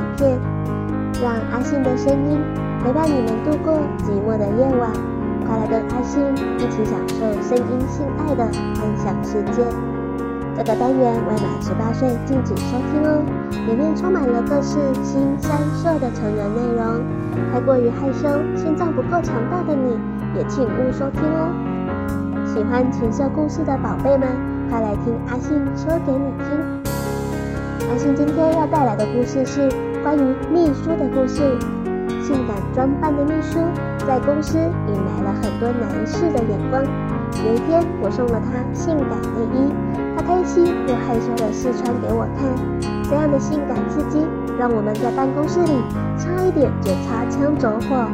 影片，讓阿信的聲音陪伴你們度過寂寞的夜晚。快來跟阿信一起享受聲音、性愛的幻想世界。這個單元未滿十八歲禁止收聽哦，裡面充滿了各式腥羶色的成人內容，太過於害羞、心臟不夠強大的你也請勿收聽哦。喜歡情色故事的寶貝們，快來聽阿信說給你聽。阿信今天要帶來的故事是。關於秘書的故事，性感裝扮的秘書在公司引來了很多男士的眼光。有一天，我送了她性感內衣，她開心又害羞地試穿給我看。這樣的性感刺激，讓我們在辦公室裡差一點就擦槍走火。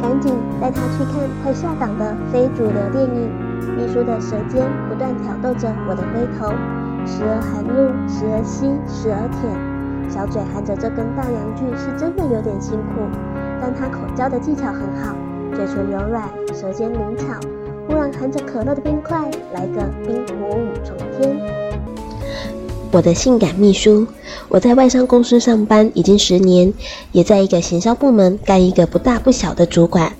趕緊帶她去看快下檔的非主流電影。秘書的舌尖不斷挑逗着我的龜頭，時而含入，時而吸，時而舔。小嘴含着這根大陽具，是真的有點辛苦，但她口交的技巧很好，嘴唇柔軟，舌尖靈巧。忽然含着可樂的冰塊，來個冰火五重天。我的性感秘書，我在外商公司上班已經十年，也在一個行銷部門幹一個不大不小的主管，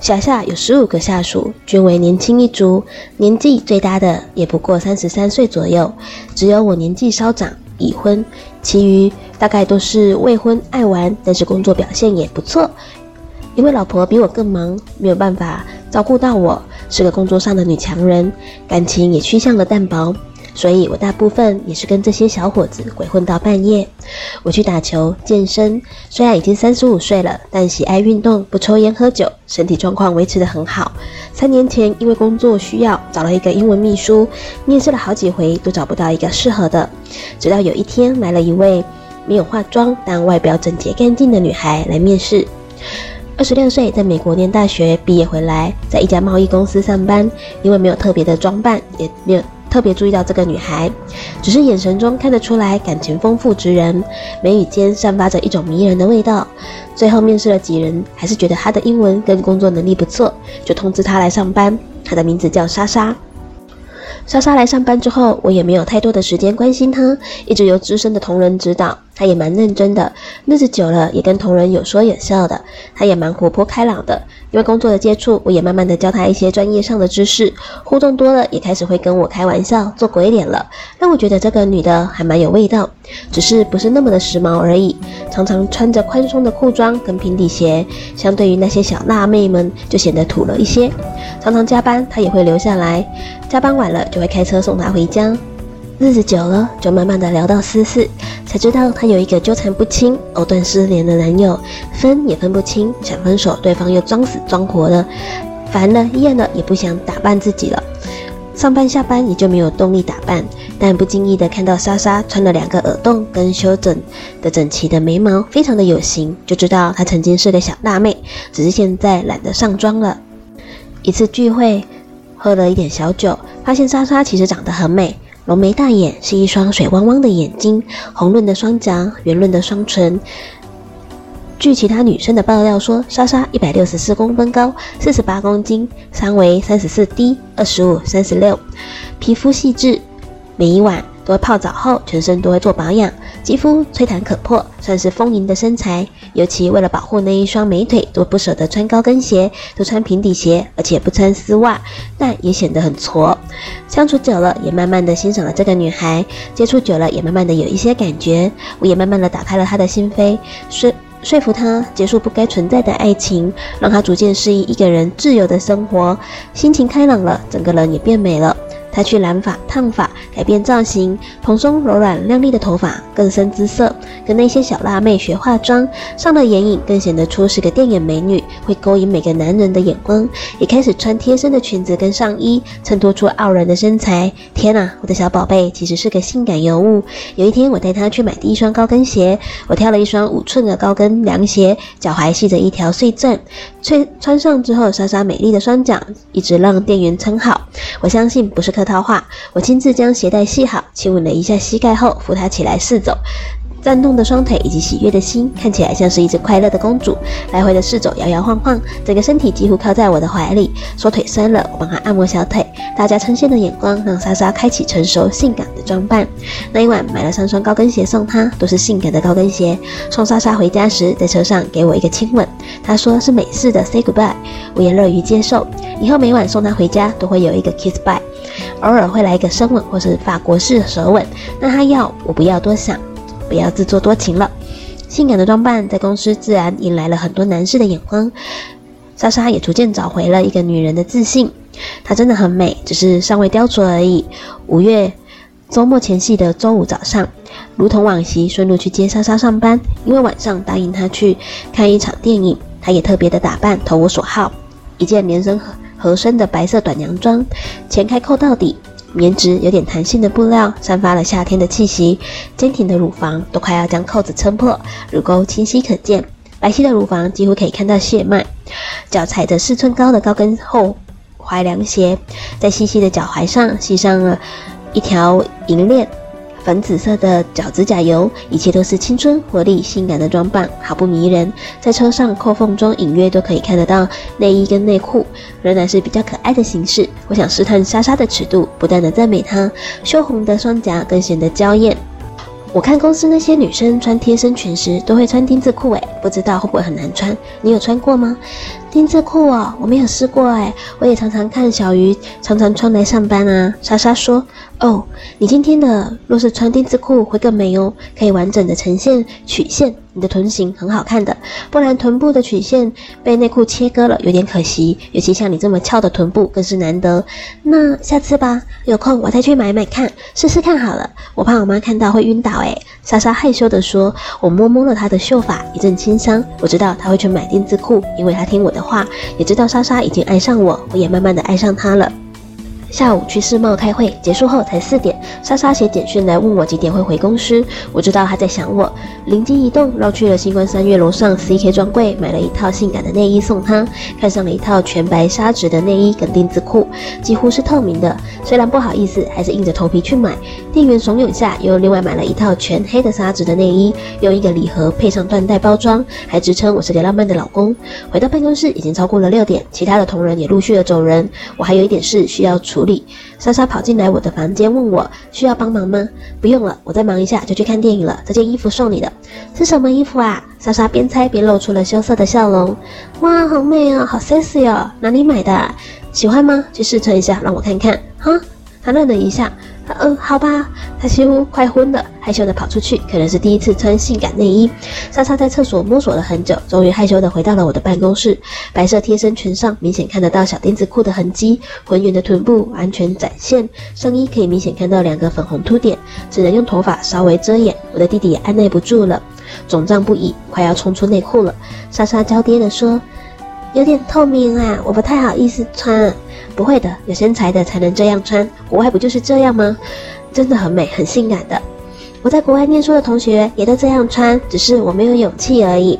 轄下有十五個下屬，均為年輕一族，年紀最大的也不過三十三歲左右，只有我年紀稍長，已婚。其餘大概都是未婚愛玩，但是工作表現也不錯。因為老婆比我更忙，沒有辦法照顧到我，是個工作上的女強人，感情也趨向了淡薄。所以我大部分也是跟這些小夥子鬼混到半夜。我去打球、健身，雖然已經三十五歲了，但喜愛運動，不抽煙喝酒，身體狀況維持得很好。三年前因為工作需要找了一個英文秘書，面試了好幾回都找不到一個適合的，直到有一天來了一位沒有化妝但外表整潔乾淨的女孩來面試。二十六歲，在美國唸大學，畢業回來在一家貿易公司上班，因為沒有特別的裝扮，也沒有，特別注意到這個女孩，只是眼神中看得出來感情豐富之人，眉宇間散發着一種迷人的味道。最後面試了幾人，還是覺得她的英文跟工作能力不錯，就通知她來上班。她的名字叫莎莎，莎莎來上班之後，我也沒有太多的時間關心她，一直由資深的同仁指導。她也蠻認真的，日子久了也跟同仁有說有笑的。她也蠻活潑開朗的，因為工作的接觸，我也慢慢的教她一些專業上的知識。互動多了，也開始會跟我開玩笑，做鬼臉了，讓我覺得這個女的還蠻有味道，只是不是那麼的時髦而已。常常穿着寬鬆的褲裝跟平底鞋，相對於那些小辣妹們就顯得土了一些。常常加班，她也會留下來，加班晚了就會開車送她回家。日子久了，就慢慢的聊到私事，才知道她有一個糾纏不清、藕斷絲連的男友，分也分不清，想分手對方又裝死裝活的，煩了厭了也不想打扮自己了，上班下班也就沒有動力打扮。但不經意的看到莎莎穿了兩個耳洞，跟修整的整齊的眉毛，非常的有型，就知道她曾經是個小辣妹，只是現在懶得上妝了。一次聚會，喝了一點小酒，發現莎莎其實長得很美。濃眉大眼，是一雙水汪汪的眼睛，紅潤的雙頰，圓潤的雙唇。據其他女生的爆料說，莎莎一百六十四公分高，四十八公斤，三圍三十四 D、二十五、三十六，皮膚細緻，每一晚都會泡澡後全身都會做保養。肌膚吹彈可破，算是豐盈的身材。尤其為了保護那一雙美腿，都不捨得穿高跟鞋，都穿平底鞋，而且不穿絲襪，但也顯得很矬。相處久了，也慢慢的欣賞了這個女孩；接觸久了，也慢慢的有一些感覺。我也慢慢的打開了她的心扉，說說服她結束不該存在的愛情，讓她逐漸適應一個人自由的生活，心情開朗了，整個人也變美了。她去染髮、燙髮，改變造型，蓬鬆柔軟、亮麗的頭髮，更深姿色，跟那些小辣妹學化妝，上了眼影更顯得出是個電眼美女，會勾引每個男人的眼光。也開始穿貼身的裙子跟上衣，襯托出傲人的身材。天哪、啊，我的小寶貝其實是個性感尤物。有一天我帶她去買第一雙高跟鞋，我挑了一雙五寸的高跟涼鞋，腳踝繫着一條碎鑽。穿穿上之後，沙沙美麗的雙腳一直讓店員稱好。我相信不是客。套話，我親自將鞋帶繫好，親吻了一下膝蓋後扶她起來試走，顫動的雙腿以及喜悅的心，看起來像是一隻快樂的公主。來回的試走，搖搖晃晃，整個身體幾乎靠在我的懷裡。說腿痠了，我幫她按摩小腿。大家稱羨的眼光讓莎莎開啟成熟性感的裝扮。那一晚買了三雙高跟鞋送她，都是性感的高跟鞋。送莎莎回家時，在車上給我一個親吻，她說是美式的 say goodbye，我也樂於接受。以後每晚送她回家都會有一個 kiss bye。偶爾會來一個深吻，或是法國式的舌吻。那她要我不要多想，不要自作多情了。性感的裝扮在公司自然引來了很多男士的眼光。莎莎也逐漸找回了一個女人的自信。她真的很美，只是尚未雕琢而已。五月周末前夕的周五早上，如同往昔，順路去接莎莎上班，因為晚上答應她去看一場電影。她也特別的打扮，投我所好，一件連身。合身的白色短洋裝，前開扣到底，棉質有點彈性的布料，散發了夏天的氣息。堅挺的乳房都快要將扣子撐破，乳溝清晰可見，白皙的乳房幾乎可以看到血脈。腳踩着四寸高的高跟厚踝涼鞋，在細細的腳踝上繫上了一條銀鏈。粉紫色的腳趾甲油，一切都是青春活力、性感的裝扮，好不迷人。在車上扣縫中隱約都可以看得到內衣跟內褲，仍然是比較可愛的形式。我想試探莎莎的尺度，不斷的讚美她。羞紅的雙頰更顯得嬌豔。我看公司那些女生穿貼身裙時都會穿丁字褲，哎，不知道會不會很難穿？你有穿過嗎？丁字褲哦，我沒有試過哎，我也常常看小魚常常穿來上班啊。莎莎說：“哦，你今天的若是穿丁字褲會更美哦，可以完整的呈現曲線，你的臀型很好看的，不然臀部的曲線被內褲切割了，有點可惜，尤其像你這麼翹的臀部更是難得。那下次吧，有空我再去買買看，試試看好了，我怕我媽看到會暈倒哎。”莎莎害羞地說：“我摸摸了她的秀髮，一陣清香，我知道她會去買丁字褲，因為她聽我的。”的話，也知道莎莎已經愛上我，我也慢慢的愛上她了。下午去世貿開會，結束後才四點。莎莎寫簡訊來問我幾點會回公司，我知道她在想我。靈機一動，繞去了新光三越樓上 CK 專櫃，買了一套性感的內衣送她，看上了一套全白紗質的內衣跟丁字褲，幾乎是透明的，雖然不好意思，還是硬着頭皮去買。店員慫恿下，又另外買了一套全黑的紗質的內衣，用一個禮盒配上緞帶包裝，還直稱我是個浪漫的老公。回到辦公室已經超過了六點，其他的同仁也陸續的走人，我還有一點事需要處。莎莎跑進來我的房間，問我需要幫忙嗎？不用了，我再忙一下就去看電影了。這件衣服送你的，是什麼衣服啊？莎莎邊猜邊露出了羞澀的笑容。哇，好美哦，好 sexy 哦，哪裡買的？喜歡嗎？去試穿一下，讓我看看哈。她愣了一下，嗯，好吧，他幾乎快昏了，害羞的跑出去，可能是第一次穿性感內衣。莎莎在廁所摸索了很久，終於害羞的回到了我的辦公室。白色貼身裙上明顯看得到小丁字褲的痕跡，渾圓的臀部完全展現，上衣可以明顯看到兩個粉紅凸點，只能用頭髮稍微遮掩。我的弟弟也按捺不住了，腫脹不已，快要衝出內褲了。莎莎嬌嗲的說：“有點透明啊，我不太好意思穿。”不會的，有身材的才能這樣穿，國外不就是這樣嗎？真的很美，很性感的。我在國外念書的同學也都這樣穿，只是我沒有勇氣而已。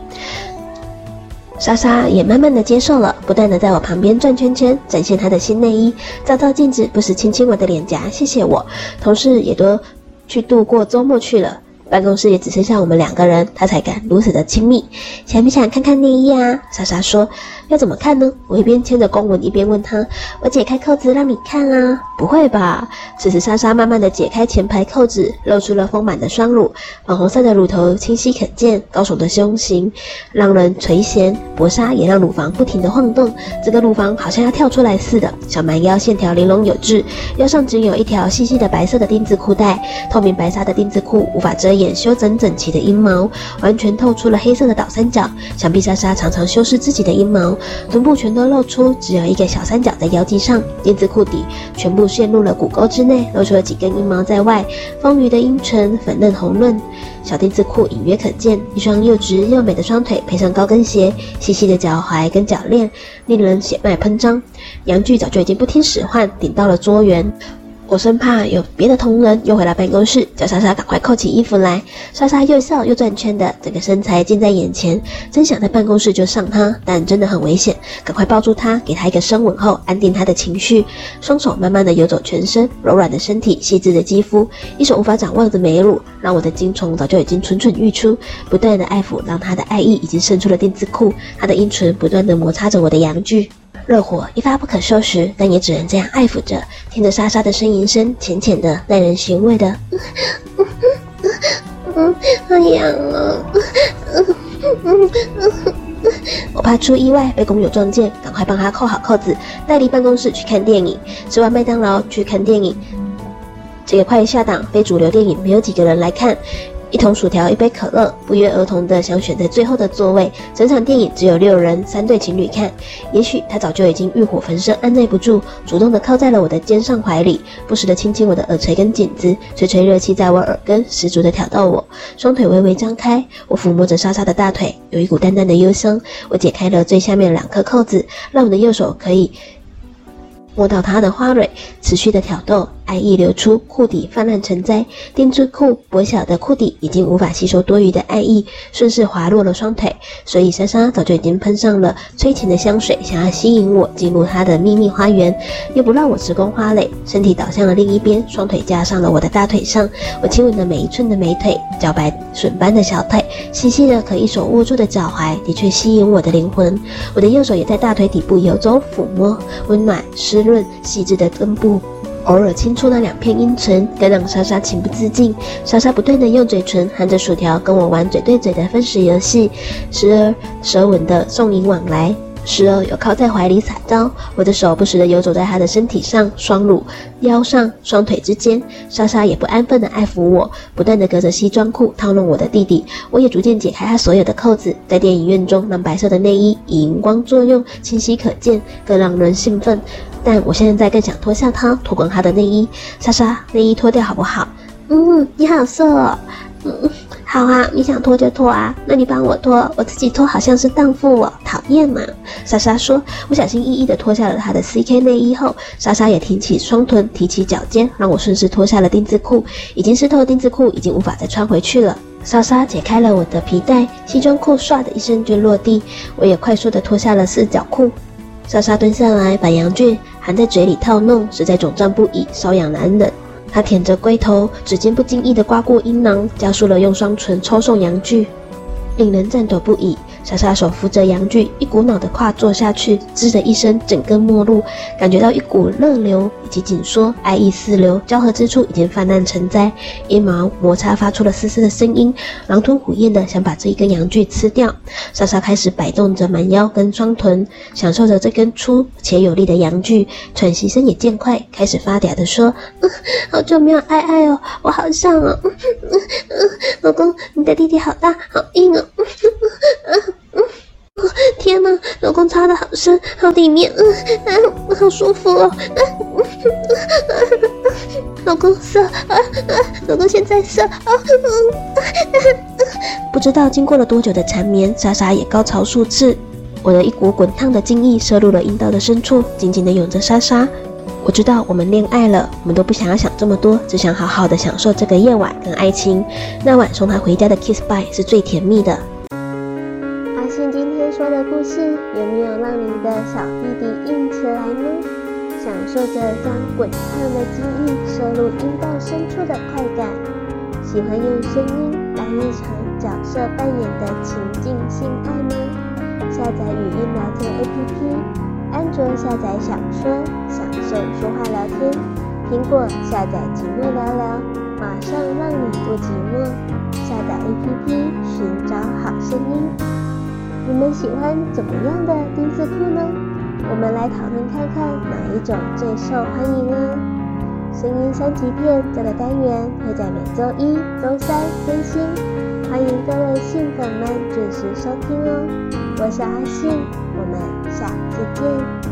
莎莎也慢慢的接受了，不斷的在我旁邊轉圈圈，展現她的新內衣，照照鏡子，不時親親我的臉頰，謝謝我。同事也都去度過週末去了。辦公室也只剩下我們兩個人，他才敢如此的親密。想不想看看內衣啊？莎莎說：“要怎麼看呢？”我一邊牽着公文，一邊問他：“我解開扣子讓你看啊？”不會吧？此時莎莎慢慢的解開前排扣子，露出了豐滿的雙乳，粉紅色的乳頭清晰可見，高聳的胸型讓人垂涎，薄紗也讓乳房不停的晃動，這個乳房好像要跳出來似的。小蠻腰線條玲瓏有致，腰上只有一條細細的白色的丁字褲帶，透明白紗的丁字褲無法遮，眼修整整齊的陰毛，完全透出了黑色的倒三角，想必莎莎常常修飾自己的陰毛，臀部全都露出，只有一個小三角在腰際上，丁字褲底全部陷入了骨溝之內，露出了幾根陰毛在外，豐腴的陰唇粉嫩紅潤，小丁字褲隱約可見，一雙又直又美的雙腿，配上高跟鞋，細細的腳踝跟腳鏈，令人血脈噴張。陽具早就已經不聽使喚，頂到了桌緣。我生怕有別的同仁又回到辦公室，叫莎莎趕快扣起衣服來。莎莎又笑又轉圈的，整個身材近在眼前，真想在辦公室就上她，但真的很危險。趕快抱住她，給她一個深吻後安定她的情緒，雙手慢慢的游走全身，柔軟的身體，細緻的肌膚，一手無法掌握的美乳，讓我的精蟲早就已經蠢蠢欲出。不斷的愛撫讓她的愛意已經滲出了丁字褲，她的陰唇不斷的摩擦着我的陽具。熱火一發不可收拾，但也只能這樣愛撫着，聽着莎莎的呻吟聲，淺淺的、耐人尋味的。嗯嗯嗯嗯，好癢啊！嗯嗯嗯嗯嗯。我怕出意外被工友撞見，趕快幫他扣好扣子，帶離辦公室去看電影。吃完麥當勞去看電影，這個快下檔非主流電影，沒有幾個人來看。一桶薯條，一杯可樂，不約而同的想選在最後的座位。整場電影只有六人，三對情侶看。也許他早就已經欲火焚身，按捺不住，主動的靠在了我的肩上懷裡，不時的親親我的耳垂跟頸子，吹吹熱氣在我耳根，十足的挑逗我。雙腿微微張開，我撫摸着莎莎的大腿，有一股淡淡的幽香，我解開了最下面兩顆扣子，讓我的右手可以摸到她的花蕊，持續的挑逗。愛意流出，褲底泛濫成災。丁字褲薄小的褲底已經無法吸收多餘的愛意，順勢滑落了雙腿。所以莎莎早就已經噴上了催情的香水，想要吸引我進入她的秘密花園，又不讓我直攻花蕾。身體倒向了另一邊，雙腿架上了我的大腿上。我親吻了每一寸的美腿，茭白筍般的小腿，細細的可一手握住的腳踝，的確吸引我的靈魂。我的右手也在大腿底部遊走撫摸，溫暖、濕潤、細緻的根部。偶爾輕觸那兩片陰唇，該讓莎莎情不自禁。莎莎不斷的用嘴唇含着薯條，跟我玩嘴對嘴的分食遊戲，時而舌吻的送迎往來，時而又靠在懷裡撒嬌。我的手不時的遊走在她的身體上，雙乳、腰上、雙腿之間。莎莎也不安分的愛撫我，不斷的隔着西裝褲套弄我的弟弟。我也逐漸解開她所有的扣子，在電影院中，讓白色的內衣以熒光作用清晰可見，更讓人興奮。但我現在更想脫下她，脫光她的內衣。莎莎，內衣脫掉好不好？嗯，你好色哦。嗯，好啊，你想脫就脫啊。那你幫我脫，我自己脫好像是蕩婦，我討厭嘛啊。莎莎說，我小心翼翼的脫下了她的 CK 內衣後，莎莎也挺起雙臀，提起腳尖，讓我順勢脫下了丁字褲。已經濕透，丁字褲,已經,丁字褲已經無法再穿回去了。莎莎解開了我的皮帶，西裝褲唰的一聲就落地，我也快速的脫下了四角褲。莎莎蹲下來，把羊圈。含在嘴裡套弄，實在腫脹不已，瘙癢難忍。他舔着龜頭，指尖不經意的刮過陰囊，加速了用雙唇抽送陽具。令人顫抖不已。莎莎手扶着陽具，一股腦的跨坐下去，吱的一聲，整根末路感覺到一股熱流以及緊縮，愛意四流，交合之處已經氾濫成災，陰毛摩擦發出了嘶嘶的聲音，狼吞虎咽的想把這一根陽具吃掉。莎莎開始擺動着蠻腰跟雙臀，享受着這根粗且有力的陽具，喘息聲也漸快，開始發嗲的說：“嗯、呃，好久沒有愛愛哦，我好想哦、喔，嗯嗯嗯，老、呃、公，你的弟弟好大好硬哦、喔。”天吶，老公擦的好深，好裡面，嗯，好舒服哦，老公射，啊，老公現在射，啊，射。不知道經過了多久的纏綿，莎莎也高潮數次，我的一股滾燙的精液射入了陰道的深處，緊緊的擁着莎莎，我知道我們戀愛了，我們都不想要想這麼多，只想好好的享受這個夜晚跟愛情，那晚送她回家的 kiss bye 是最甜蜜的。有沒有讓你的小弟弟硬起來呢？享受着將滾燙的精液，射入陰道深處的快感。喜歡用聲音來一場角色扮演的情境性愛嗎？下載語音聊天 APP，安卓下載享說，享受說話聊天。蘋果下載寂寞聊聊，馬上讓你不寂寞。下載 APP，尋找好聲音。你們喜歡怎麼樣的丁字褲呢？我們來討論看看哪一種最受歡迎哦。聲音三級片這個單元會在每周一、周三更新，歡迎各位性粉們準時收聽哦。我是阿信，我們下次見。